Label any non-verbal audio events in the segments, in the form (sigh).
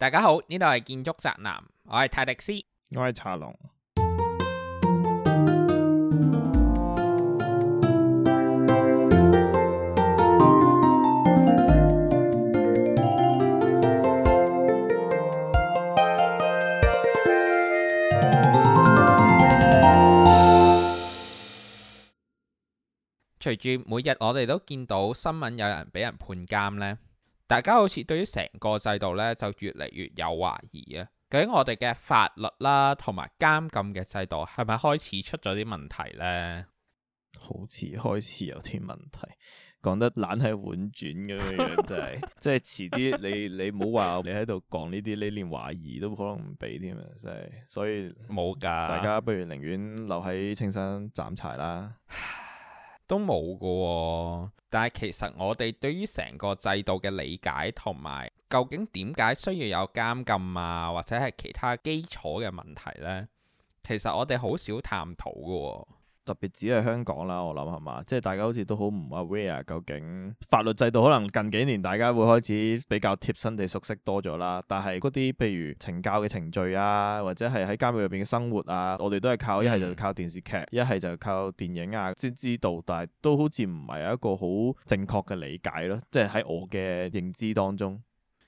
大家好，呢度係建築宅男，我係泰迪斯，我係茶龍。隨住每日，我哋都見到新聞，有人俾人判監咧。大家好似對於成個制度咧，就越嚟越有懷疑啊！究竟我哋嘅法律啦，同埋監禁嘅制度，係咪開始出咗啲問題呢？好似開始有啲問題，講得懶係婉轉咁樣，真係， (laughs) 即係遲啲你你唔好話你喺度講呢啲，你連懷疑都可能唔俾添啊！真係，所以冇噶，大家不如寧願留喺青山斬柴啦。都冇㗎喎，但係其實我哋對於成個制度嘅理解同埋，究竟點解需要有監禁啊，或者係其他基礎嘅問題呢？其實我哋好少探討㗎喎。特別只係香港啦，我諗係嘛，即係大家好似都好唔 aware、啊、究竟法律制度可能近幾年大家會開始比較貼身地熟悉多咗啦。但係嗰啲譬如懲教嘅程序啊，或者係喺監獄入邊嘅生活啊，我哋都係靠一係就靠電視劇，一係就靠電影啊先知道。但係都好似唔係一個好正確嘅理解咯，即係喺我嘅認知當中，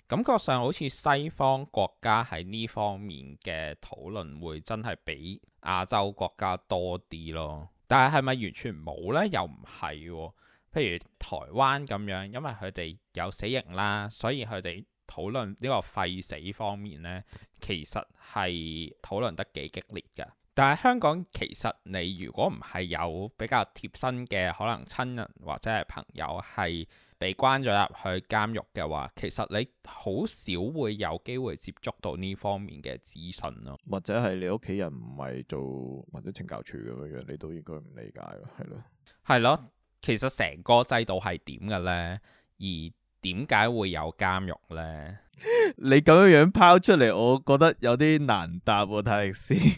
感覺上好似西方國家喺呢方面嘅討論會真係比亞洲國家多啲咯。但係係咪完全冇呢？又唔係喎。譬如台灣咁樣，因為佢哋有死刑啦，所以佢哋討論呢個廢死方面呢，其實係討論得幾激烈㗎。但係香港其實你如果唔係有比較貼身嘅可能親人或者係朋友係。被關咗入去監獄嘅話，其實你好少會有機會接觸到呢方面嘅資訊咯或。或者係你屋企人唔係做或者懲教處咁樣，你都應該唔理解咯，係咯？係咯？其實成個制度係點嘅呢？而點解會有監獄呢？ (laughs) 你咁樣樣拋出嚟，我覺得有啲難答啊，泰斯。 (laughs)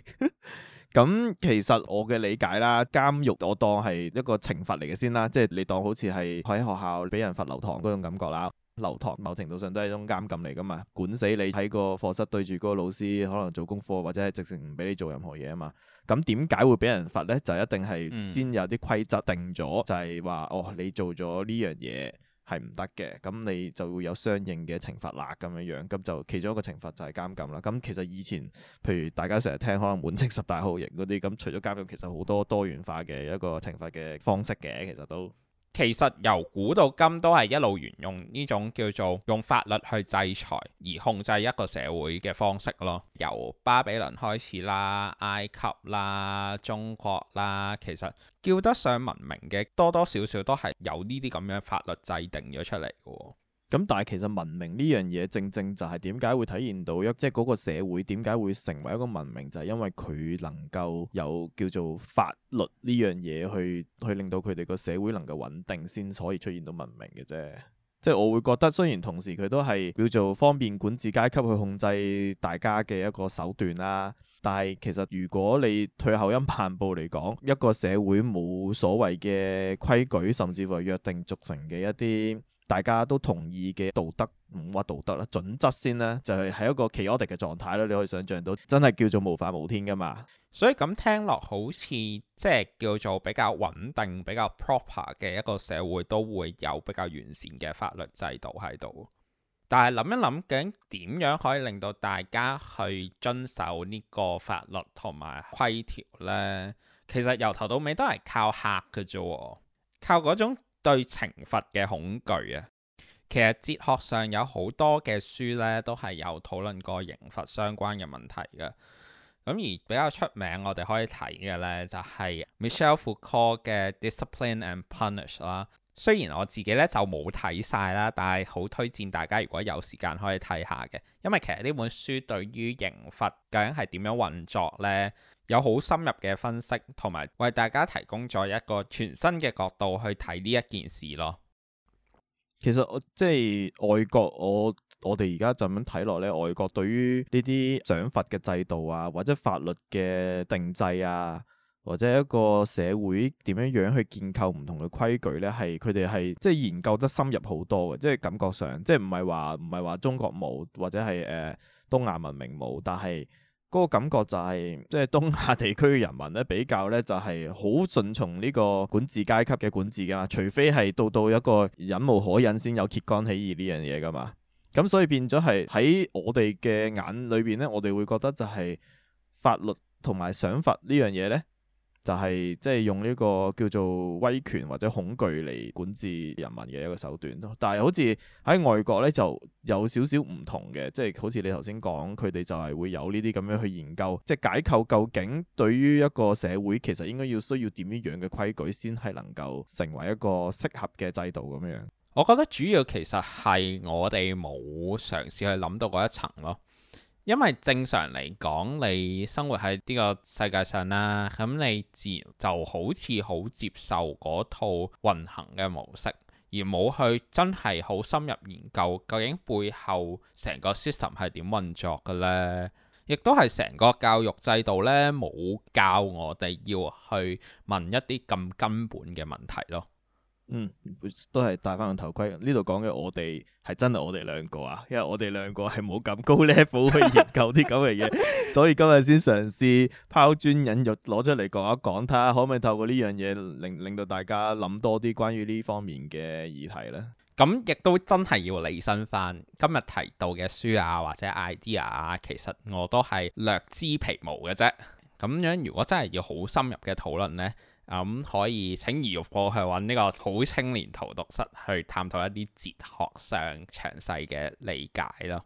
咁其實我嘅理解啦，監獄我當係一個懲罰嚟嘅先啦，即係你當好似係喺學校俾人罰留堂嗰種感覺啦，留堂某程度上都係一種監禁嚟噶嘛，管死你喺個課室對住嗰個老師，可能做功課或者係直情唔俾你做任何嘢啊嘛。咁點解會俾人罰咧？就一定係先有啲規則定咗，就係話哦，你做咗呢樣嘢。係唔得嘅，咁你就會有相應嘅懲罰啦，咁樣樣，咁就其中一個懲罰就係監禁啦。咁其實以前，譬如大家成日聽可能滿清十大酷刑嗰啲，咁除咗監禁，其實好多多元化嘅一個懲罰嘅方式嘅，其實都。其實由古到今都係一路沿用呢種叫做用法律去制裁，而控制一個社會嘅方式咯。由巴比倫開始啦，埃及啦，中國啦，其實叫得上文明嘅，多多少少都係有呢啲咁樣法律制定咗出嚟嘅，哦。咁但係其實文明呢樣嘢，正正就係點解會體現到一即係嗰個社會點解會成為一個文明，就係、是、因為佢能夠有叫做法律呢樣嘢去去令到佢哋個社會能夠穩定，先所以出現到文明嘅啫。即係我會覺得，雖然同時佢都係叫做方便管治階級去控制大家嘅一個手段啦、啊，但係其實如果你退後一萬步嚟講，一個社會冇所謂嘅規矩，甚至乎約定俗成嘅一啲。大家都同意嘅道德，唔話道德啦，準則先啦，就係、是、喺一個 odd 嘅狀態啦。你可以想象到，真係叫做無法無天噶嘛。所以咁聽落，好似即係叫做比較穩定、比較 proper 嘅一個社會，都會有比較完善嘅法律制度喺度。但係諗一諗，究竟點樣可以令到大家去遵守呢個法律同埋規條呢？其實由頭到尾都係靠嚇嘅啫，喎，靠嗰種。對懲罰嘅恐懼啊，其實哲學上有好多嘅書呢，都係有討論過刑罰相關嘅問題嘅。咁而比較出名，我哋可以睇嘅呢，就係 Michelle Foucault 嘅《Discipline and Punish》啦。雖然我自己呢，就冇睇晒啦，但係好推薦大家如果有時間可以睇下嘅，因為其實呢本書對於刑罰究竟係點樣運作呢，有好深入嘅分析，同埋為大家提供咗一個全新嘅角度去睇呢一件事咯。其實，即係外國，我我哋而家就咁睇落咧，外國對於呢啲獎罰嘅制度啊，或者法律嘅定制啊，或者一個社會點樣樣去建構唔同嘅規矩咧，係佢哋係即係研究得深入好多嘅，即係感覺上即係唔係話，唔係話中國冇，或者係誒、呃、東亞文明冇，但係。嗰個感覺就係、是、即係東亞地區嘅人民咧，比較咧就係、是、好順從呢個管治階級嘅管治㗎嘛，除非係到到一個忍無可忍先有揭竿起義呢樣嘢㗎嘛，咁所以變咗係喺我哋嘅眼裏邊咧，我哋會覺得就係法律同埋想法呢樣嘢咧。就係即係用呢個叫做威權或者恐懼嚟管治人民嘅一個手段咯，但係好似喺外國咧就有少少唔同嘅，即係好似你頭先講，佢哋就係會有呢啲咁樣去研究，即係解構究竟對於一個社會其實應該要需要點樣嘅規矩先係能夠成為一個適合嘅制度咁樣。我覺得主要其實係我哋冇嘗試去諗到嗰一層咯。因為正常嚟講，你生活喺呢個世界上啦，咁你自然就好似好接受嗰套運行嘅模式，而冇去真係好深入研究究竟背後成個 system 係點運作嘅呢。亦都係成個教育制度呢，冇教我哋要去問一啲咁根本嘅問題咯。嗯，都係戴翻個頭盔。呢度講嘅我哋係真係我哋兩個啊，因為我哋兩個係冇咁高 level 去研究啲咁嘅嘢， (laughs) 所以今日先嘗試拋磚引玉，攞出嚟講一講睇下，可唔可以透過呢樣嘢令令到大家諗多啲關於呢方面嘅議題呢？咁亦都真係要理身翻，今日提到嘅書啊或者 idea 啊，其實我都係略知皮毛嘅啫。咁樣如果真係要好深入嘅討論呢。咁、嗯、可以請怡玉哥去揾呢個好青年荼毒室去探討一啲哲學上詳細嘅理解咯。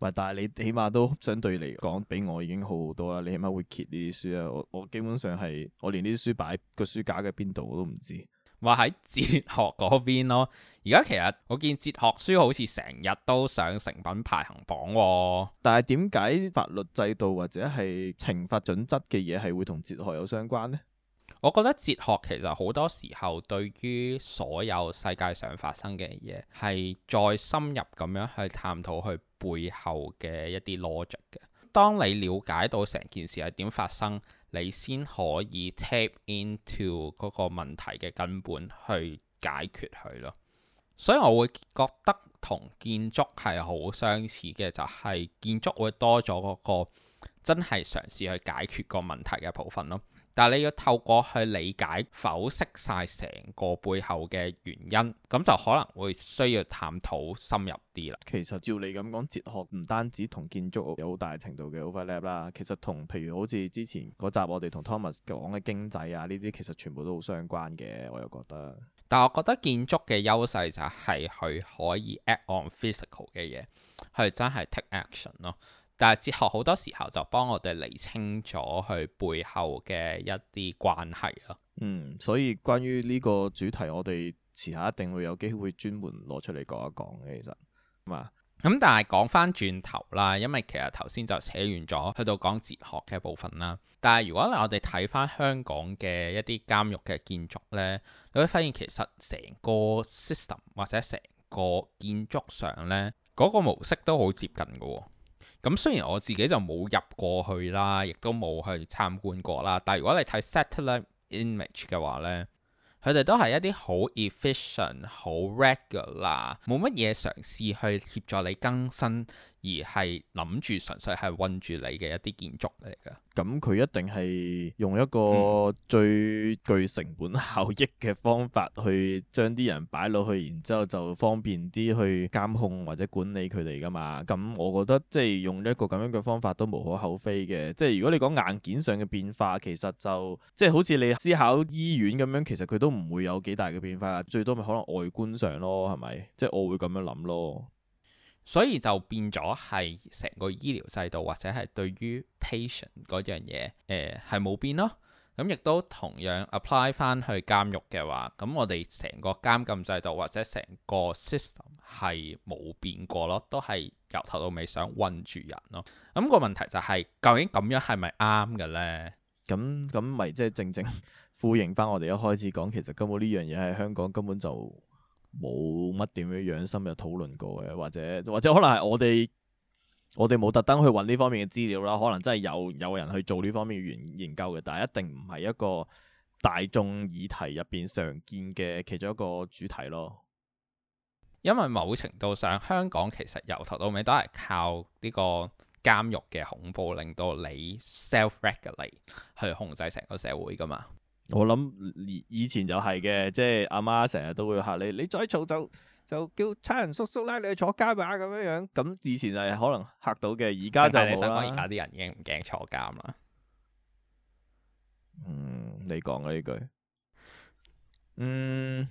喂，但係你起碼都相對嚟講，比我已經好好多啦。你起碼會揭呢啲書啊。我我基本上係我連呢啲書擺個書架嘅邊度我都唔知。話喺哲學嗰邊咯。而家其實我見哲學書好似成日都上成品排行榜，但係點解法律制度或者係懲罰準則嘅嘢係會同哲學有相關呢？我覺得哲學其實好多時候對於所有世界上發生嘅嘢係再深入咁樣去探討佢背後嘅一啲 logic 嘅。當你了解到成件事係點發生，你先可以 tap into 嗰個問題嘅根本去解決佢咯。所以我會覺得同建築係好相似嘅，就係、是、建築會多咗嗰個真係嘗試去解決個問題嘅部分咯。但係你要透過去理解剖析晒成個背後嘅原因，咁就可能會需要探討深入啲啦。其實照你咁講，哲學唔單止同建築有好大程度嘅 overlap 啦，其實同譬如好似之前嗰集我哋同 Thomas 講嘅經濟啊呢啲，其實全部都好相關嘅，我又覺得。但係我覺得建築嘅優勢就係佢可以 add on physical 嘅嘢，佢真係 take action 咯。但係哲學好多時候就幫我哋釐清咗佢背後嘅一啲關係咯。嗯，所以關於呢個主題，我哋遲下一定會有機會專門攞出嚟講一講嘅。其實咁、嗯、但係講翻轉頭啦，因為其實頭先就扯遠咗去到講哲學嘅部分啦。但係如果我哋睇翻香港嘅一啲監獄嘅建築呢，你會發現其實成個 system 或者成個建築上呢，嗰、那個模式都好接近噶、哦。咁雖然我自己就冇入過去啦，亦都冇去參觀過啦，但係如果你睇 satellite image 嘅話呢，佢哋都係一啲好 efficient、好 regular，冇乜嘢嘗試去協助你更新。而係諗住純粹係困住你嘅一啲建築嚟噶，咁佢一定係用一個最具成本效益嘅方法去將啲人擺落去，然之後就方便啲去監控或者管理佢哋噶嘛。咁我覺得即係用一個咁樣嘅方法都無可厚非嘅。即係如果你講硬件上嘅變化，其實就即係、就係、好似你思考醫院咁樣，其實佢都唔會有幾大嘅變化，最多咪可能外觀上咯，係咪？即係我會咁樣諗咯。所以就變咗係成個醫療制度，或者係對於 patient 嗰樣嘢，誒係冇變咯。咁、嗯、亦都同樣 apply 翻去監獄嘅話，咁、嗯、我哋成個監禁制度或者成個 system 係冇變過咯，都係由頭到尾想困住人咯。咁、嗯、個問題就係、是、究竟咁樣係咪啱嘅呢？咁咁咪即係正正呼應翻我哋一開始講，其實根本呢樣嘢喺香港根本就～冇乜點樣樣深入討論過嘅，或者或者可能係我哋我哋冇特登去搵呢方面嘅資料啦，可能真係有有人去做呢方面嘅研研究嘅，但係一定唔係一個大眾議題入邊常見嘅其中一個主題咯。因為某程度上，香港其實由頭到尾都係靠呢個監獄嘅恐怖，令到你 self-regulate 去控制成個社會㗎嘛。我諗以前就係嘅，即係阿媽成日都會吓你，你再嘈就就叫差人叔叔拉你去坐監啊，咁樣樣咁以前就可能吓到嘅，而家就冇啦。而家啲人已經唔驚坐監啦。嗯，你講嘅呢句，嗯，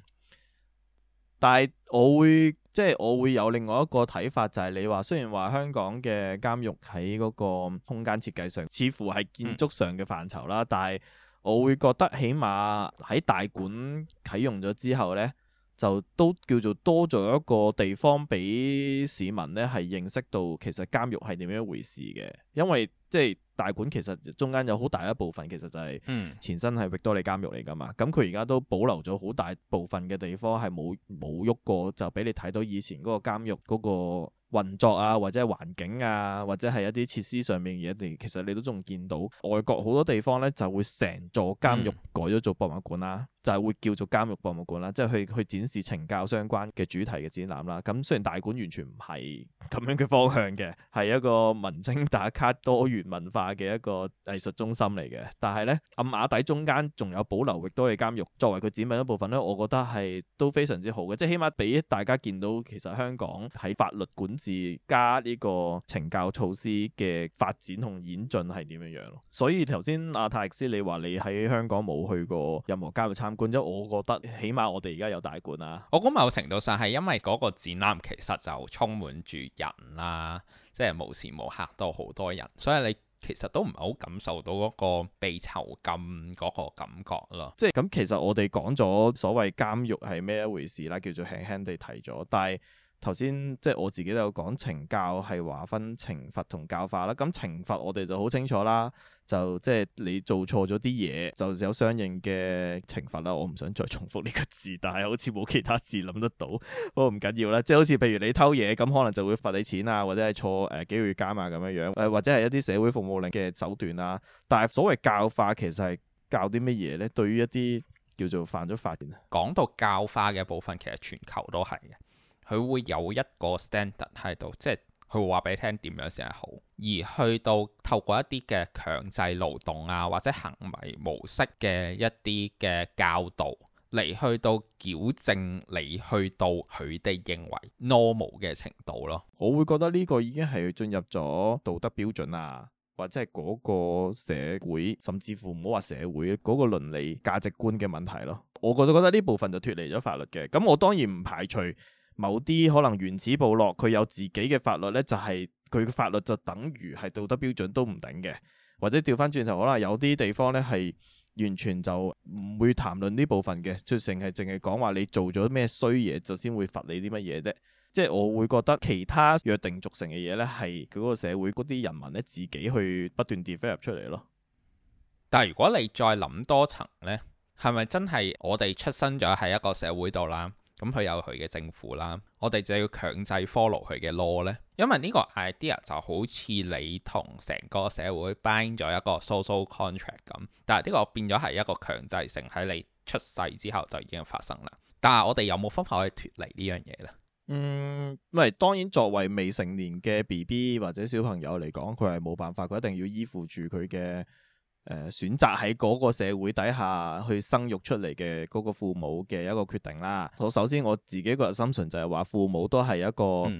但係我會即係、就是、我會有另外一個睇法，就係、是、你話雖然話香港嘅監獄喺嗰個空間設計上似乎係建築上嘅範疇啦，但係、嗯。我會覺得起碼喺大館啟用咗之後呢，就都叫做多咗一個地方俾市民呢，係認識到其實監獄係點樣一回事嘅，因為即係、就是、大館其實中間有好大一部分其實就係前身係域多利監獄嚟噶嘛，咁佢而家都保留咗好大部分嘅地方係冇冇喐過，就俾你睇到以前嗰個監獄嗰個。運作啊，或者係環境啊，或者係一啲設施上面嘅嘢，其實你都仲見到外國好多地方咧，就會成座監獄改咗做博物館啦。嗯就係會叫做監獄博物館啦，即係去去展示懲教相關嘅主題嘅展覽啦。咁雖然大館完全唔係咁樣嘅方向嘅，係一個文青打卡多元文化嘅一個藝術中心嚟嘅，但係咧暗瓦底中間仲有保留域多利監獄作為佢展覽一部分咧，我覺得係都非常之好嘅，即係起碼俾大家見到其實香港喺法律管治加呢個懲教措施嘅發展同演進係點樣樣咯。所以頭先阿泰利斯你話你喺香港冇去過任何監獄參管咗、嗯，我覺得起碼我哋而家有大館啊！我估某程度上係因為嗰個展覽其實就充滿住人啦、啊，即係無時無刻都好多人，所以你其實都唔係好感受到嗰個被囚禁嗰個感覺咯。即係咁、嗯，其實我哋講咗所謂監獄係咩一回事啦，叫做輕輕地提咗，但係，頭先即係我自己都有講懲教係劃分懲罰同教化啦，咁懲罰我哋就好清楚啦，就即係你做錯咗啲嘢，就有相應嘅懲罰啦。我唔想再重複呢個字，但係好似冇其他字諗得到，不過唔緊要啦。即係好似譬如你偷嘢咁，可能就會罰你錢啊，或者係坐誒幾個月監啊咁樣樣，誒或者係一啲社會服務令嘅手段啦。但係所謂教化其實係教啲乜嘢咧？對於一啲叫做犯咗法嘅人，講到教化嘅部分，其實全球都係嘅。佢會有一個 standard 喺度，即係佢會話俾你聽點樣先係好，而去到透過一啲嘅強制勞動啊，或者行為模式嘅一啲嘅教導嚟去到矯正你去到佢哋認為 normal 嘅程度咯。我會覺得呢個已經係進入咗道德標準啊，或者係嗰個社會，甚至乎唔好話社會嗰個倫理價值觀嘅問題咯。我覺得覺得呢部分就脫離咗法律嘅，咁我當然唔排除。某啲可能原始部落，佢有自己嘅法律呢，就係佢嘅法律就等於係道德標準都唔定嘅，或者調翻轉頭，可能有啲地方呢，係完全就唔會談論呢部分嘅，就成係淨係講話你做咗咩衰嘢就先會罰你啲乜嘢啫。即係我會覺得其他約定俗成嘅嘢呢，係佢個社會嗰啲人民呢，自己去不斷 develop 出嚟咯。但係如果你再諗多層呢，係咪真係我哋出生咗喺一個社會度啦？咁佢有佢嘅政府啦，我哋就要強制 follow 佢嘅 law 咧，因為呢個 idea 就好似你同成個社會 bind 咗一個 social contract 咁，但係呢個變咗係一個強制性喺你出世之後就已經發生啦。但係我哋有冇方法可以脫離呢樣嘢呢？嗯，咪當然作為未成年嘅 BB 或者小朋友嚟講，佢係冇辦法，佢一定要依附住佢嘅。誒、呃，選擇喺嗰個社會底下去生育出嚟嘅嗰個父母嘅一個決定啦。我首先我自己個人心存就係話，父母都係一個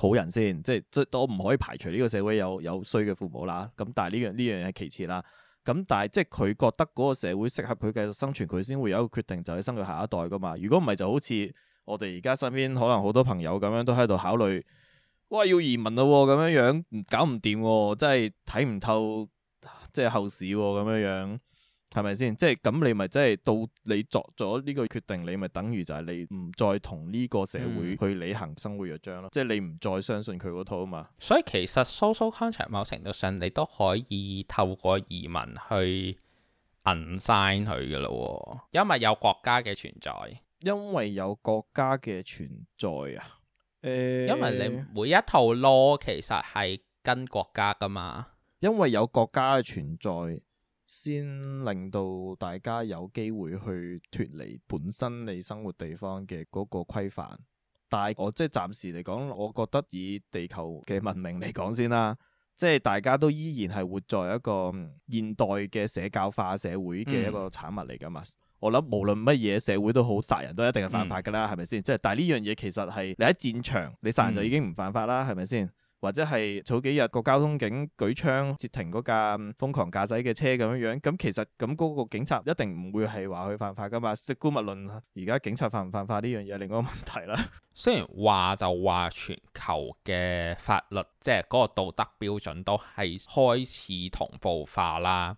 好人先，嗯、即係都唔可以排除呢個社會有有衰嘅父母啦。咁但係呢樣呢樣嘢係其次啦。咁但係即係佢覺得嗰個社會適合佢繼續生存，佢先會有一個決定就係生育下一代噶嘛。如果唔係，就好似我哋而家身邊可能好多朋友咁樣都喺度考慮，哇要移民咯咁、啊、樣樣搞唔掂、啊，真係睇唔透。即係後市咁樣樣，係咪先？即係咁你咪即係到你作咗呢個決定，你咪等於就係你唔再同呢個社會去履行生活約章咯。嗯、即係你唔再相信佢嗰套啊嘛。所以其實 social contract 某程度上，你都可以透過移民去 unsign 佢噶咯、哦。因為有國家嘅存在，因為有國家嘅存在啊。因為你每一套 law 其實係跟國家噶嘛。因為有國家嘅存在，先令到大家有機會去脫離本身你生活地方嘅嗰個規範。但係我即係暫時嚟講，我覺得以地球嘅文明嚟講先啦，即係大家都依然係活在一個現代嘅社交化社會嘅一個產物嚟㗎嘛。嗯、我諗無論乜嘢社會都好，殺人都一定係犯法㗎啦，係咪先？即係但係呢樣嘢其實係你喺戰場，你殺人就已經唔犯法啦，係咪先？或者係早幾日個交通警舉槍截停嗰架瘋狂駕駛嘅車咁樣樣，咁其實咁嗰個警察一定唔會係話佢犯法㗎嘛？即係姑勿論，而家警察犯唔犯法呢樣嘢係另外一個問題啦。雖然話就話全球嘅法律即係嗰個道德標準都係開始同步化啦。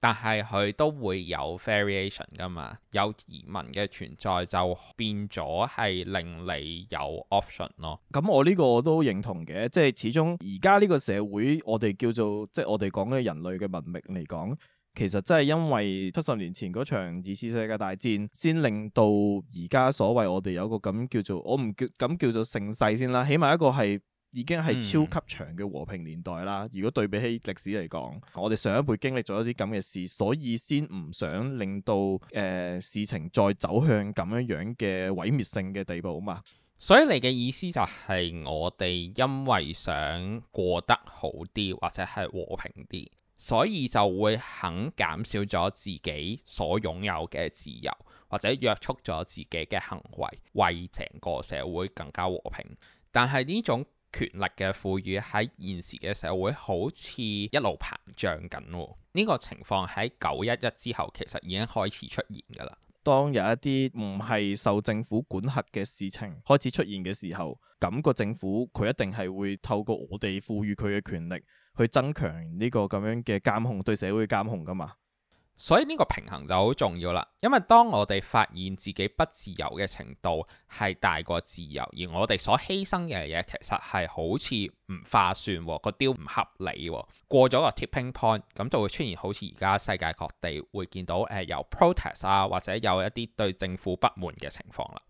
但係佢都會有 variation 㗎嘛，有移民嘅存在就變咗係令你有 option 咯。咁我呢個我都認同嘅，即係始終而家呢個社會，我哋叫做即係我哋講嘅人類嘅文明嚟講，其實真係因為七十年前嗰場二次世界大戰，先令到而家所謂我哋有個咁叫做我唔叫咁叫做盛世先啦，起碼一個係。已經係超級長嘅和平年代啦。如果對比起歷史嚟講，我哋上一輩經歷咗一啲咁嘅事，所以先唔想令到誒、呃、事情再走向咁樣樣嘅毀滅性嘅地步啊嘛。所以你嘅意思就係我哋因為想過得好啲，或者係和平啲，所以就會肯減少咗自己所擁有嘅自由，或者約束咗自己嘅行為，為整個社會更加和平。但係呢種。權力嘅賦予喺現時嘅社會好似一路膨脹緊喎，呢個情況喺九一一之後其實已經開始出現㗎啦。當有一啲唔係受政府管轄嘅事情開始出現嘅時候，咁個政府佢一定係會透過我哋賦予佢嘅權力去增強呢個咁樣嘅監控，對社會嘅監控㗎嘛。所以呢個平衡就好重要啦，因為當我哋發現自己不自由嘅程度係大過自由，而我哋所犧牲嘅嘢其實係好似唔劃算，個雕唔合理，過咗個 tipping point，咁就會出現好似而家世界各地會見到誒、呃、有 protest 啊，或者有一啲對政府不滿嘅情況啦。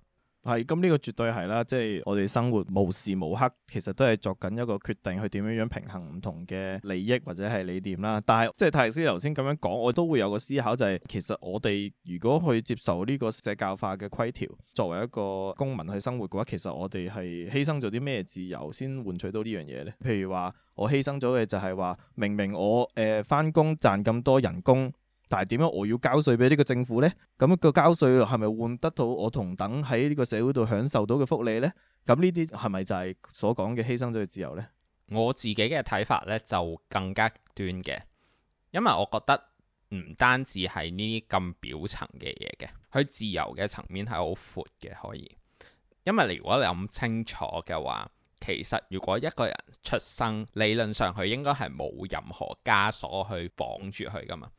係，咁呢、嗯這個絕對係啦，即係我哋生活無時無刻其實都係作緊一個決定，去點樣樣平衡唔同嘅利益或者係理念啦。但係即係泰迪師頭先咁樣講，我都會有個思考就係、是，其實我哋如果去接受呢個社教化嘅規條作為一個公民去生活嘅話，其實我哋係犧牲咗啲咩自由先換取到呢樣嘢咧？譬如話，我犧牲咗嘅就係話，明明我誒返工賺咁多人工。但係點解我要交稅俾呢個政府呢？咁、嗯個交稅係咪換得到我同等喺呢個社會度享受到嘅福利呢？咁呢啲係咪就係所講嘅犧牲咗嘅自由呢？我自己嘅睇法呢就更加極端嘅，因為我覺得唔單止係呢咁表層嘅嘢嘅，佢自由嘅層面係好闊嘅。可以，因為如果你諗清楚嘅話，其實如果一個人出生理論上佢應該係冇任何枷鎖去綁住佢㗎嘛。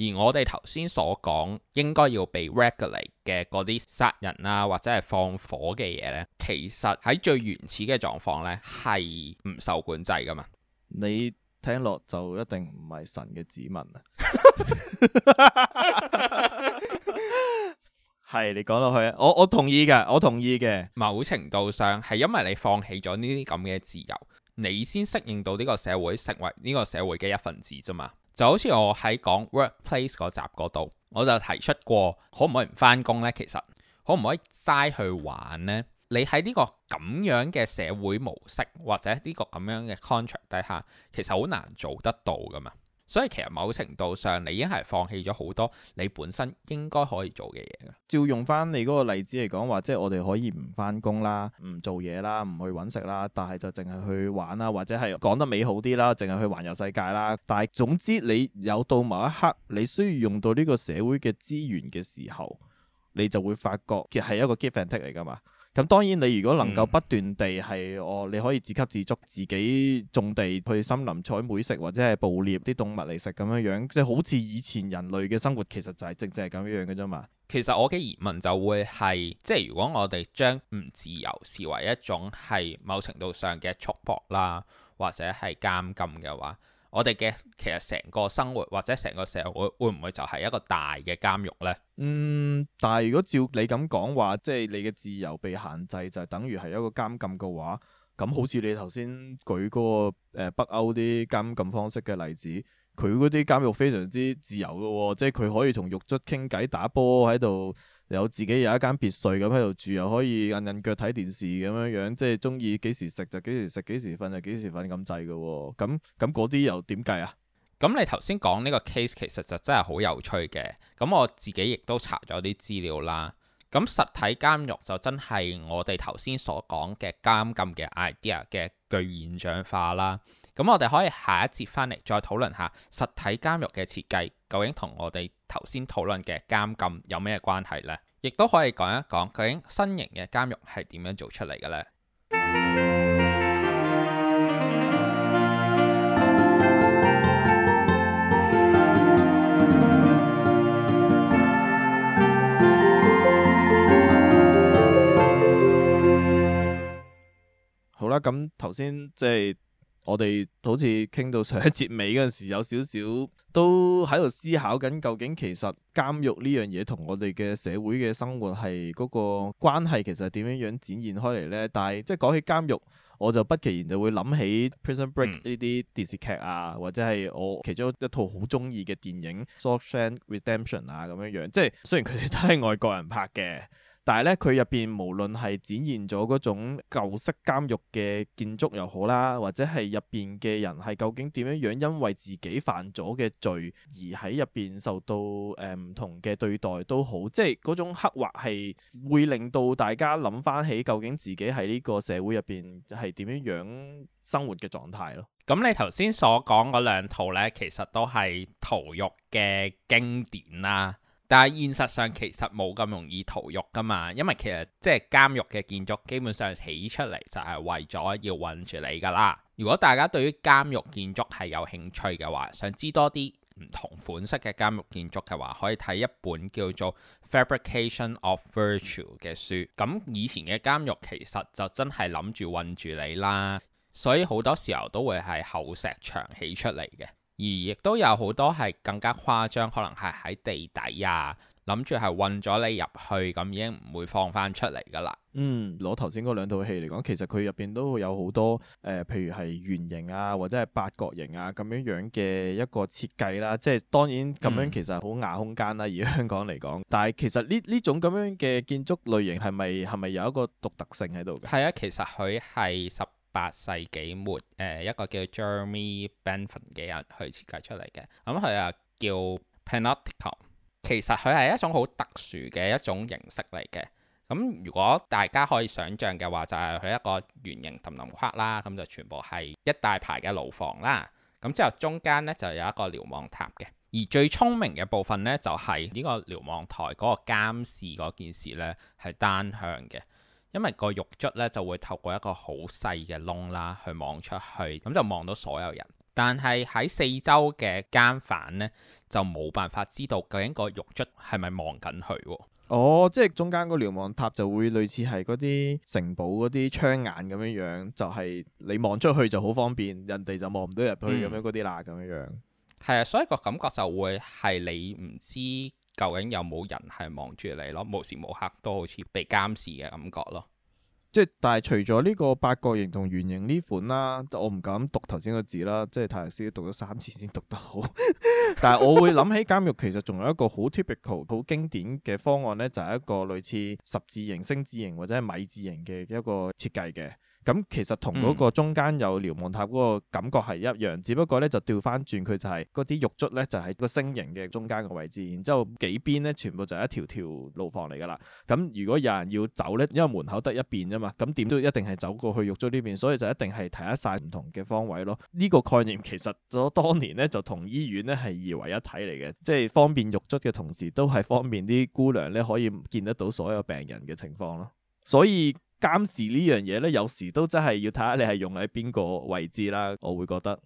而我哋頭先所講應該要被 regulate 嘅嗰啲殺人啊或者係放火嘅嘢呢，其實喺最原始嘅狀況呢，係唔受管制噶嘛。你聽落就一定唔係神嘅指紋啊！係 (laughs) (laughs) (laughs) 你講落去。我我同意噶，我同意嘅。意某程度上係因為你放棄咗呢啲咁嘅自由，你先適應到呢個社會，成為呢個社會嘅一份子啫嘛。就好似我喺講 workplace 嗰集嗰度，我就提出過，可唔可以唔翻工呢？其實可唔可以齋去玩呢？你喺呢個咁樣嘅社會模式或者呢個咁樣嘅 contract 底下，其實好難做得到噶嘛。所以其實某程度上，你已經係放棄咗好多你本身應該可以做嘅嘢嘅。照用返你嗰個例子嚟講，話即係我哋可以唔返工啦、唔做嘢啦、唔去揾食啦，但係就淨係去玩啦，或者係講得美好啲啦，淨係去環遊世界啦。但係總之，你有到某一刻你需要用到呢個社會嘅資源嘅時候，你就會發覺其實係一個 give and take 嚟㗎嘛。咁當然你如果能夠不斷地係我、嗯哦，你可以自給自足，自己種地，去森林採莓食或者係捕獵啲動物嚟食咁樣樣，即係、好似以前人類嘅生活其實就係正正係咁樣樣嘅啫嘛。其實我嘅疑問就會係，即係如果我哋將唔自由視為一種係某程度上嘅束縛啦，或者係監禁嘅話。我哋嘅其實成個生活或者成個社會會唔會就係一個大嘅監獄呢？嗯，但係如果照你咁講話，即係你嘅自由被限制就等於係一個監禁嘅話，咁好似你頭先舉嗰個、那個、呃、北歐啲監禁方式嘅例子，佢嗰啲監獄非常之自由嘅喎，哦，即係佢可以同獄卒傾偈、打波喺度。有自己有一間別墅咁喺度住，又可以印印腳睇電視咁樣樣，即係中意幾時食就幾時食，幾時瞓就幾時瞓咁制嘅喎。咁咁嗰啲又點計啊？咁你頭先講呢個 case 其實就真係好有趣嘅。咁我自己亦都查咗啲資料啦。咁實體監獄就真係我哋頭先所講嘅監禁嘅 idea 嘅具現象化啦。咁我哋可以下一節翻嚟再討論下實體監獄嘅設計究竟同我哋。頭先討論嘅監禁有咩關係呢？亦都可以講一講，究竟新型嘅監獄係點樣做出嚟嘅呢？好啦，咁頭先即係。我哋好似傾到上一節尾嗰陣時，有少少都喺度思考緊，究竟其實監獄呢樣嘢同我哋嘅社會嘅生活係嗰個關係，其實點樣樣展現開嚟呢，但係即係講起監獄，我就不其然就會諗起《Prison Break》呢啲電視劇啊，嗯、或者係我其中一套好中意嘅電影《Shawshank Redemption》啊，咁樣樣即係雖然佢哋都係外國人拍嘅。但係咧，佢入邊無論係展現咗嗰種舊式監獄嘅建築又好啦，或者係入邊嘅人係究竟點樣樣，因為自己犯咗嘅罪而喺入邊受到誒唔同嘅對待都好，即係嗰種刻畫係會令到大家諗翻起究竟自己喺呢個社會入邊係點樣樣生活嘅狀態咯。咁你頭先所講嗰兩套呢，其實都係逃獄嘅經典啦。但係現實上其實冇咁容易逃獄噶嘛，因為其實即係監獄嘅建築基本上起出嚟就係為咗要困住你噶啦。如果大家對於監獄建築係有興趣嘅話，想知多啲唔同款式嘅監獄建築嘅話，可以睇一本叫做《Fabrication of Virtue》嘅書。咁以前嘅監獄其實就真係諗住困住你啦，所以好多時候都會係厚石牆起出嚟嘅。而亦都有好多係更加誇張，可能係喺地底呀、啊，諗住係困咗你入去，咁已經唔會放翻出嚟噶啦。嗯，攞頭先嗰兩套戲嚟講，其實佢入邊都會有好多誒、呃，譬如係圓形啊，或者係八角形啊咁樣樣嘅一個設計啦。即係當然咁樣其實好壓空間啦，以香港嚟講，但係其實呢呢種咁樣嘅建築類型係咪係咪有一個獨特性喺度嘅？係啊，其實佢係十八世紀末，誒、呃、一個叫 Jeremy Bentham 嘅人去設計出嚟嘅，咁佢啊叫 Panopticon，其實佢係一種好特殊嘅一種形式嚟嘅。咁、嗯、如果大家可以想象嘅話，就係、是、佢一個圓形氹氹框啦，咁、嗯、就全部係一大排嘅牢房啦。咁、嗯、之後中間呢就有一個瞭望塔嘅，而最聰明嘅部分呢，就係、是、呢個瞭望台嗰個監視嗰件事呢，係單向嘅。因為個獄卒咧就會透過一個好細嘅窿啦，去望出去，咁就望到所有人。但係喺四周嘅間房咧就冇辦法知道究竟個獄卒係咪望緊佢。哦，即係中間個瞭望塔就會類似係嗰啲城堡嗰啲窗眼咁樣樣，就係、是、你望出去就好方便，人哋就望唔到入去咁、嗯、樣嗰啲啦，咁樣樣。係啊，所以個感覺就會係你唔知。究竟有冇人係望住你咯？無時無刻都好似被監視嘅感覺咯。即係但係除咗呢個八角形同圓形呢款啦，我唔敢讀頭先個字啦。即係泰來師讀咗三次先讀得好。 (laughs) 但係我會諗起監獄其實仲有一個好 typical、好經典嘅方案呢，就係、是、一個類似十字形、星字形或者係米字形嘅一個設計嘅。咁其實同嗰個中間有瞭望塔嗰個感覺係一樣，嗯、只不過咧就掉翻轉，佢就係嗰啲獄卒咧就喺個星形嘅中間個位置，然之後幾邊咧全部就一條條路房嚟噶啦。咁如果有人要走咧，因為門口得一邊啫嘛，咁點都一定係走過去獄卒呢邊，所以就一定係睇得晒唔同嘅方位咯。呢、呢個概念其實咗當年咧就同醫院咧係二為一體嚟嘅，即係方便獄卒嘅同時，都係方便啲姑娘咧可以見得到所有病人嘅情況咯。所以監視呢樣嘢呢，有時都真係要睇下你係用喺邊個位置啦。我會覺得，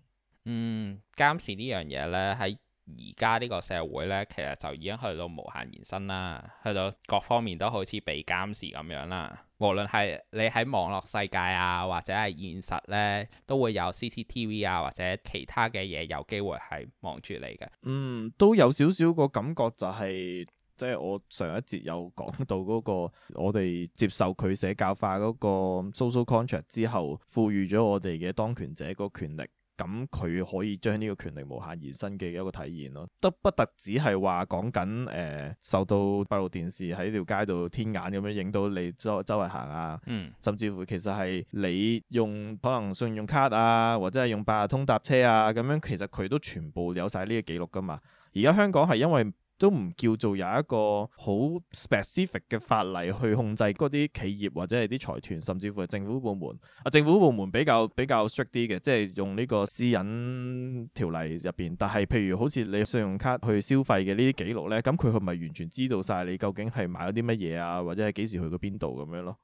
嗯，監視呢樣嘢呢，喺而家呢個社會呢，其實就已經去到無限延伸啦，去到各方面都好似被監視咁樣啦。無論係你喺網絡世界啊，或者係現實呢，都會有 CCTV 啊，或者其他嘅嘢有機會係望住你嘅。嗯，都有少少個感覺就係。即係我上一節有講到嗰個，我哋接受佢社教化嗰個 social contract 之後，賦予咗我哋嘅當權者嗰個權力，咁佢可以將呢個權力無限延伸嘅一個體現咯，都不特止係話講緊誒受到閉路電視喺條街度天眼咁樣影到你周周圍行啊，嗯、甚至乎其實係你用可能信用卡啊，或者係用八達通搭車啊，咁樣其實佢都全部有晒呢個記錄㗎嘛。而家香港係因為都唔叫做有一個好 specific 嘅法例去控制嗰啲企業或者係啲財團，甚至乎係政府部門。啊，政府部門比較比較 strict 啲嘅，即係用呢個私隱條例入邊。但係，譬如好似你信用卡去消費嘅呢啲記錄咧，咁佢係咪完全知道晒你究竟係買咗啲乜嘢啊，或者係幾時去過邊度咁樣咯？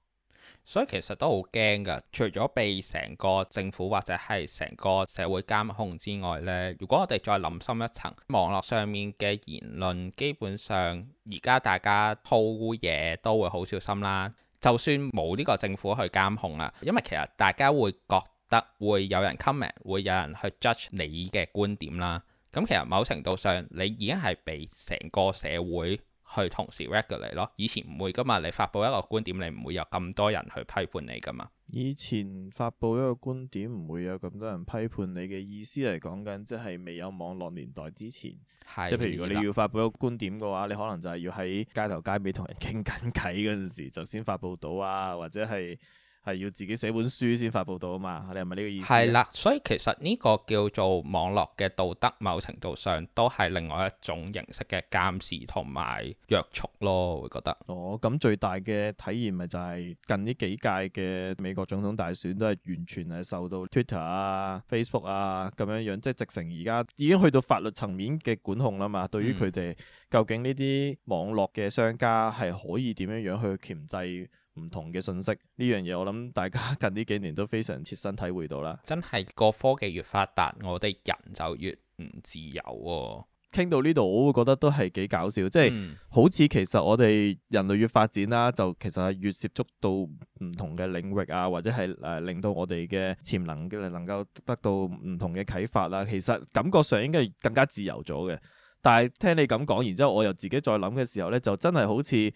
所以其實都好驚噶，除咗被成個政府或者係成個社會監控之外呢，如果我哋再諗深一層，網絡上面嘅言論基本上而家大家 post 嘢都會好小心啦。就算冇呢個政府去監控啦，因為其實大家會覺得會有人 comment，會有人去 judge 你嘅觀點啦。咁其實某程度上，你已經係被成個社會去同時 regulate 咯，以前唔會㗎嘛，你發佈一個觀點，你唔會有咁多人去批判你㗎嘛。以前發佈一個觀點，唔會有咁多人批判你嘅意思嚟講緊，即係未有網絡年代之前，的即係譬如你要發佈一個觀點嘅話，你可能就係要喺街頭街尾同人傾緊偈嗰陣時，就先發佈到啊，或者係。係要自己寫本書先發布到啊嘛，你係咪呢個意思？係啦，所以其實呢個叫做網絡嘅道德，某程度上都係另外一種形式嘅監視同埋約束咯，我會覺得。哦，咁最大嘅體驗咪就係近呢幾屆嘅美國總統大選都係完全係受到 Twitter 啊、Facebook 啊咁樣樣，即係直情而家已經去到法律層面嘅管控啦嘛。嗯、對於佢哋究竟呢啲網絡嘅商家係可以點樣樣去鉗制？唔同嘅信息呢樣嘢，我諗大家近呢幾年都非常切身體會到啦。真係個科技越發達，我哋人就越唔自由，啊。傾到呢度，我會覺得都係幾搞笑，即係、嗯、好似其實我哋人類越發展啦，就其實係越接觸到唔同嘅領域啊，或者係誒、呃、令到我哋嘅潛能嘅能夠得到唔同嘅啟發啦，啊。其實感覺上應該係更加自由咗嘅。但係聽你咁講，然之後我又自己再諗嘅時候咧，就真係好似。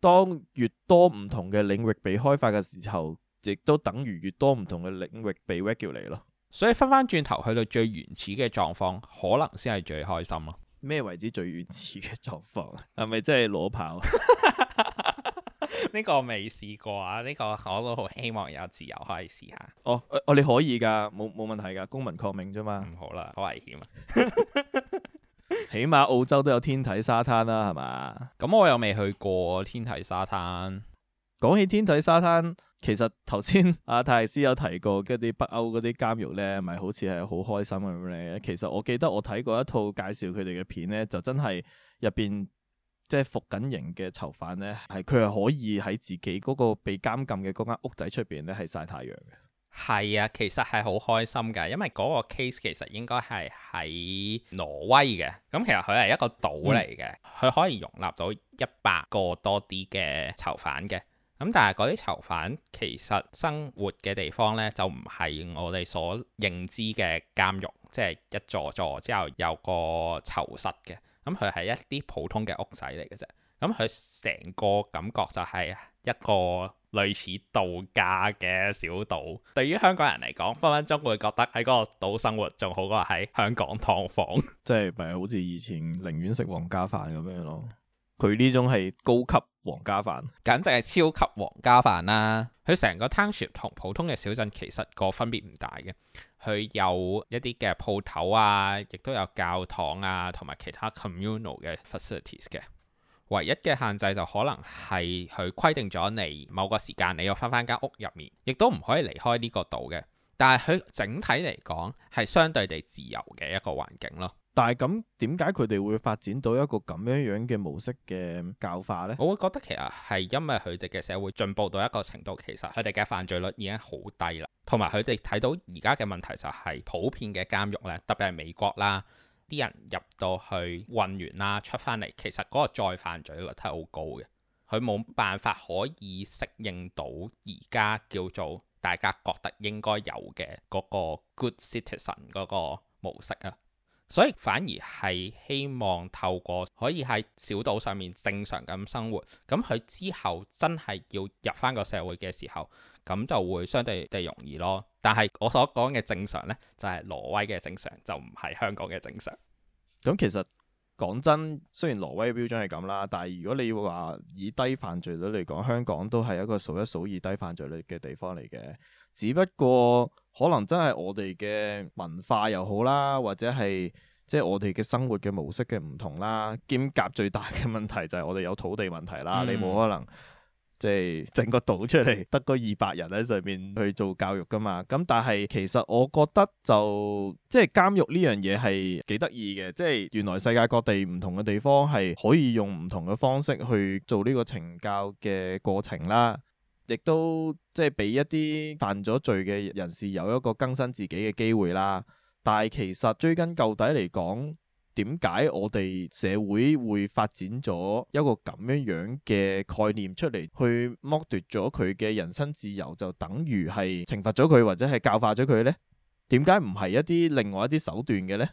當越多唔同嘅領域被開發嘅時候，亦都等於越多唔同嘅領域被 regulate 嚟咯。所以翻翻轉頭去到最原始嘅狀況，可能先係最開心啊。咩為之最原始嘅狀況？係咪真係裸跑？呢個未試過啊！呢、呢個我都好希望有自由可以試下。哦，誒、哦，你可以噶，冇冇問題噶，公民抗命啫嘛。唔好啦，好危險、啊。 (laughs) 起碼澳洲都有天體沙灘啦，係嘛？咁我又未去過天體沙灘。講起天體沙灘，其實頭先阿泰斯有提過，一啲北歐嗰啲監獄咧，咪好似係好開心咁樣咧。其實我記得我睇過一套介紹佢哋嘅片咧，就真係入邊即係服緊刑嘅囚犯咧，係佢係可以喺自己嗰個被監禁嘅嗰間屋仔出邊咧，係曬太陽嘅。係啊，其實係好開心㗎，因為嗰個 case 其實應該係喺挪威嘅，咁其實佢係一個島嚟嘅，佢、嗯、可以容納到一百個多啲嘅囚犯嘅，咁但係嗰啲囚犯其實生活嘅地方呢，就唔係我哋所認知嘅監獄，即係一座座之後有個囚室嘅，咁佢係一啲普通嘅屋仔嚟嘅啫，咁佢成個感覺就係一個類似度假嘅小島，對於香港人嚟講，分分鐘會覺得喺嗰個島生活仲好過喺香港劏房，即係咪好似以前寧願食皇家飯咁樣咯？佢呢種係高級皇家飯，簡直係超級皇家飯啦、啊！佢成個 township 同普通嘅小鎮其實個分別唔大嘅，佢有一啲嘅鋪頭啊，亦都有教堂啊，同埋其他 communal 嘅 facilities 嘅。唯一嘅限制就可能係佢規定咗你某個時間你要返返間屋入面，亦都唔可以離開呢個島嘅。但係佢整體嚟講係相對地自由嘅一個環境咯。但係咁點解佢哋會發展到一個咁樣樣嘅模式嘅教化呢？我會覺得其實係因為佢哋嘅社會進步到一個程度，其實佢哋嘅犯罪率已經好低啦，同埋佢哋睇到而家嘅問題就係普遍嘅監獄呢，特別係美國啦。啲人入到去混完啦，出翻嚟，其實嗰個再犯罪率係好高嘅，佢冇辦法可以適應到而家叫做大家覺得應該有嘅嗰個 good citizen 嗰個模式啊，所以反而係希望透過可以喺小島上面正常咁生活，咁佢之後真係要入翻個社會嘅時候，咁就會相對地容易咯。但係我所講嘅正常呢，就係挪威嘅正常，就唔係香港嘅正常。咁其實講真，雖然挪威標準係咁啦，但係如果你話以低犯罪率嚟講，香港都係一個數一數二低犯罪率嘅地方嚟嘅。只不過可能真係我哋嘅文化又好啦，或者係即係我哋嘅生活嘅模式嘅唔同啦。兼夾最大嘅問題就係我哋有土地問題啦，嗯、你冇可能。即係整個島出嚟，得個二百人喺上面去做教育㗎嘛。咁但係其實我覺得就即係、就是、監獄呢樣嘢係幾得意嘅，即、就、係、是、原來世界各地唔同嘅地方係可以用唔同嘅方式去做呢個懲教嘅過程啦，亦都即係俾一啲犯咗罪嘅人士有一個更新自己嘅機會啦。但係其實追根究底嚟講，點解我哋社會會發展咗一個咁樣樣嘅概念出嚟，去剝奪咗佢嘅人身自由，就等於係懲罰咗佢，或者係教化咗佢呢？點解唔係一啲另外一啲手段嘅呢？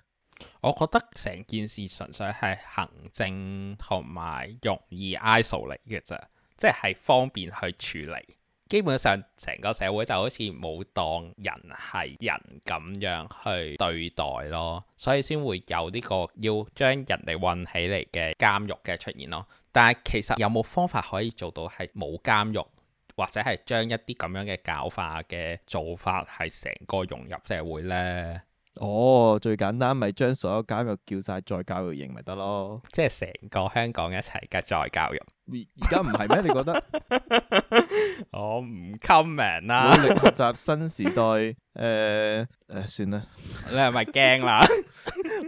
我覺得成件事純粹係行政同埋容易 isolate 嚟嘅啫，即係方便去處理。基本上成個社會就好似冇當人係人咁樣去對待咯，所以先會有呢個要將人哋運起嚟嘅監獄嘅出現咯。但係其實有冇方法可以做到係冇監獄，或者係將一啲咁樣嘅教化嘅做法係成個融入社會呢？哦，最簡單咪將所有監獄叫晒「再教育營」咪得咯？即係成個香港一齊嘅再教育。.而家唔係咩？ (laughs) 你覺得？我唔 comment 啦。學 (laughs) 習新時代。誒、呃、誒、呃，算啦。你係咪驚啦？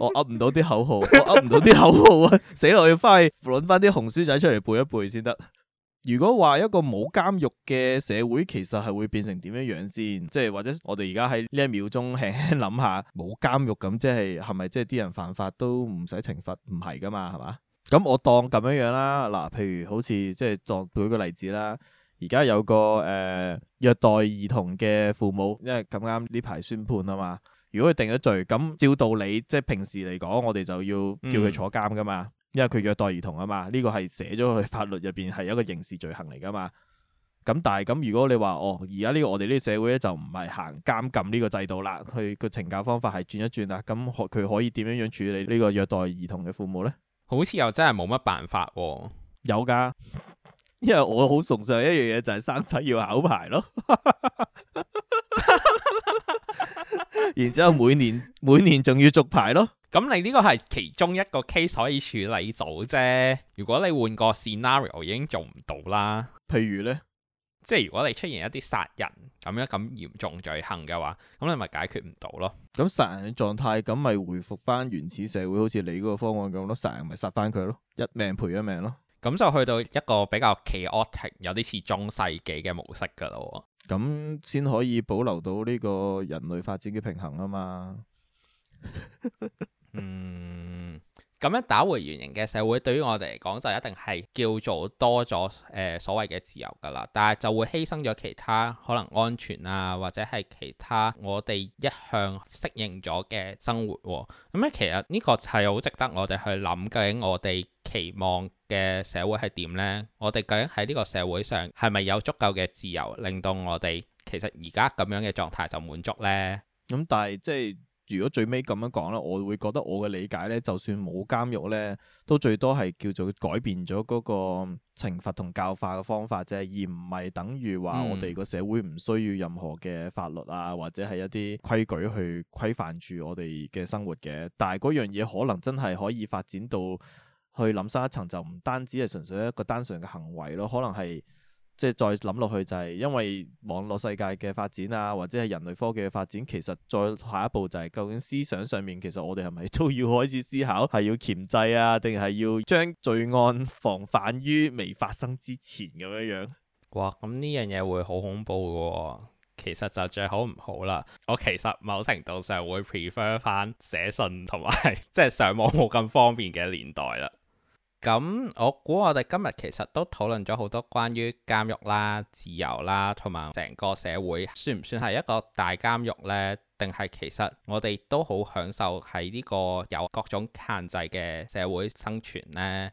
(laughs) 我噏唔到啲口號，我噏唔到啲口號啊！ (laughs) 死落去，翻去攞翻啲紅書仔出嚟背一背先得。 (laughs) 如果話一個冇監獄嘅社會，其實係會變成點樣樣先？即係或者我哋而家喺呢一秒鐘輕輕諗下冇監獄咁，即係係咪即係啲人犯法都唔使懲罰？唔係噶嘛，係嘛？咁我當咁樣樣啦，嗱，譬如好似即係作舉個例子啦，而家有個誒、呃、虐待兒童嘅父母，因為咁啱呢排宣判啊嘛，如果佢定咗罪，咁照道理即係平時嚟講，我哋就要叫佢坐監噶嘛，嗯、因為佢虐待兒童啊嘛，呢、這個係寫咗喺法律入邊係一個刑事罪行嚟噶嘛。咁但係咁如果你話哦，而家呢個我哋呢個社會咧就唔係行監禁呢個制度啦，佢個懲教方法係轉一轉啦，咁佢可以點樣樣處理呢個虐待兒童嘅父母咧？好似又真係冇乜辦法。啊，有噶，因為我好崇尚一樣嘢，就係生仔要考牌咯， (laughs) (laughs) (laughs) 然之後每年每年仲要續牌咯。咁你呢個係其中一個 case 可以處理到啫。如果你換個 scenario，已經做唔到啦。譬如呢。即係如果你出現一啲殺人咁樣咁嚴重罪行嘅話，咁你咪解決唔到咯。咁殺人嘅狀態咁咪回復翻原始社會，好似你嗰個方案咁咯。殺人咪殺翻佢咯，一命賠一命咯。咁就去到一個比較 c h 有啲似中世紀嘅模式噶啦。咁先可以保留到呢個人類發展嘅平衡啊嘛。 (laughs) 嗯。咁樣打回原形嘅社會，對於我哋嚟講就一定係叫做多咗誒、呃、所謂嘅自由㗎啦，但係就會犧牲咗其他可能安全啊，或者係其他我哋一向適應咗嘅生活喎、啊。咁、嗯、咧，其實呢個係好值得我哋去諗，究竟我哋期望嘅社會係點呢？我哋究竟喺呢個社會上係咪有足夠嘅自由，令到我哋其實而家咁樣嘅狀態就滿足呢？咁但係即係。就是。如果最尾咁樣講咧，我會覺得我嘅理解咧，就算冇監獄咧，都最多係叫做改變咗嗰個懲罰同教化嘅方法啫，而唔係等於話我哋個社會唔需要任何嘅法律啊，或者係一啲規矩去規範住我哋嘅生活嘅。但係嗰樣嘢可能真係可以發展到去諗深一層，就唔單止係純粹一個單純嘅行為咯，可能係。即係再諗落去就係，因為網絡世界嘅發展啊，或者係人類科技嘅發展，其實再下一步就係究竟思想上面，其實我哋係咪都要開始思考，係要鉗制啊，定係要將罪案防範於未發生之前咁樣樣？哇，咁呢樣嘢會好恐怖噶，哦，其實就最好唔好啦。我其實某程度上會 prefer 翻寫信同埋即係上網冇咁方便嘅年代啦。咁我估我哋今日其實都討論咗好多關於監獄啦、自由啦，同埋成個社會算唔算係一個大監獄呢？定係其實我哋都好享受喺呢個有各種限制嘅社會生存呢？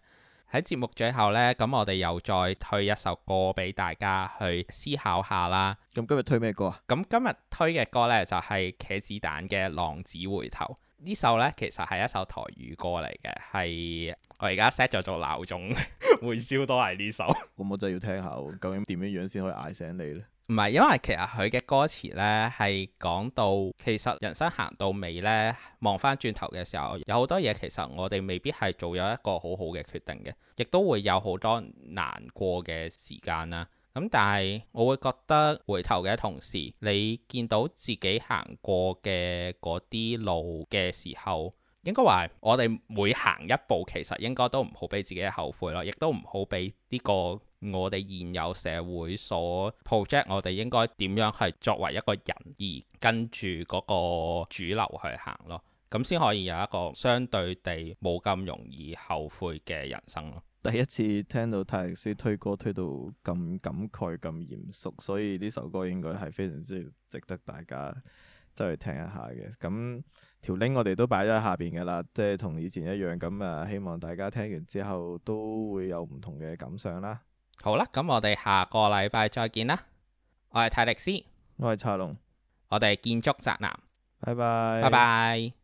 喺節目最後呢，咁我哋又再推一首歌俾大家去思考下啦。咁今，今日推咩歌啊？咁今日推嘅歌呢，就係、是、茄子蛋嘅《浪子回頭》。呢首呢，其實係一首台語歌嚟嘅，係我而家 set 咗做鬧鐘，會燒多係呢首。 (laughs) 咁我真係要聽下，究竟點樣樣先可以嗌醒你呢？唔係，因為其實佢嘅歌詞呢，係講到，其實人生行到尾呢，望翻轉頭嘅時候，有好多嘢其實我哋未必係做咗一個好好嘅決定嘅，亦都會有好多難過嘅時間啦。咁、嗯、但係我會覺得回頭嘅同時，你見到自己行過嘅嗰啲路嘅時候，應該話我哋每行一步，其實應該都唔好俾自己後悔咯，亦都唔好俾呢個我哋現有社會所 project 我哋應該點樣去作為一個人而跟住嗰個主流去行咯，咁先可以有一個相對地冇咁容易後悔嘅人生咯。第一次聽到泰迪斯推歌推到咁感慨咁嚴肅，所以呢首歌應該係非常之值得大家都去聽一下嘅。咁條 link 我哋都擺咗喺下邊嘅啦，即係同以前一樣。咁啊，希望大家聽完之後都會有唔同嘅感想啦。好啦，咁我哋下個禮拜再見啦。我係泰迪斯，我係茶龍，我哋係建築宅男，拜拜 bye，拜拜。